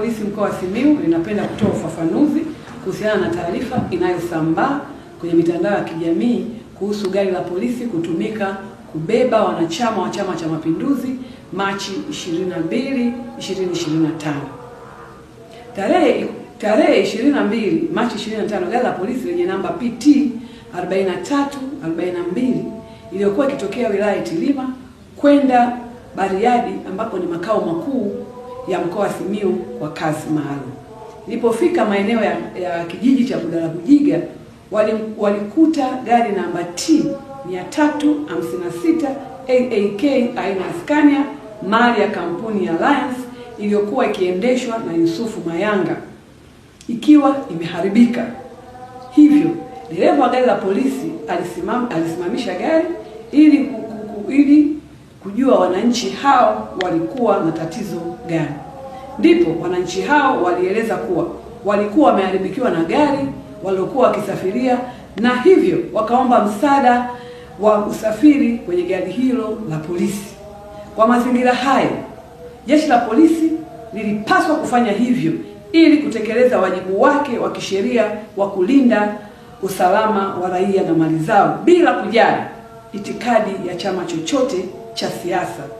Polisi mkoa wa Simiyu linapenda kutoa ufafanuzi kuhusiana na taarifa inayosambaa kwenye mitandao ya kijamii kuhusu gari la polisi kutumika kubeba wanachama wa Chama cha Mapinduzi Machi 22, 2025. Tarehe tarehe 22 Machi 25 gari la polisi lenye namba PT 4342 iliyokuwa ikitokea wilaya Itilima kwenda Bariadi ambapo ni makao makuu ya mkoa wa Simiyu kwa kazi maalum. Nilipofika maeneo ya, ya kijiji cha Bujiga walikuta wali gari namba T 356 AAK aina ya Scania mali ya kampuni ya Alliance iliyokuwa ikiendeshwa na Yusufu Mayanga ikiwa imeharibika. Hivyo dereva wa gari la polisi alisimam, alisimamisha gari ili, ili kujua wananchi hao walikuwa na tatizo gani. Ndipo wananchi hao walieleza kuwa walikuwa wameharibikiwa na gari walilokuwa wakisafiria na hivyo wakaomba msaada wa usafiri kwenye gari hilo la polisi. Kwa mazingira hayo, jeshi la polisi lilipaswa kufanya hivyo ili kutekeleza wajibu wake wa kisheria wa kulinda usalama wa raia na mali zao bila kujali itikadi ya chama chochote te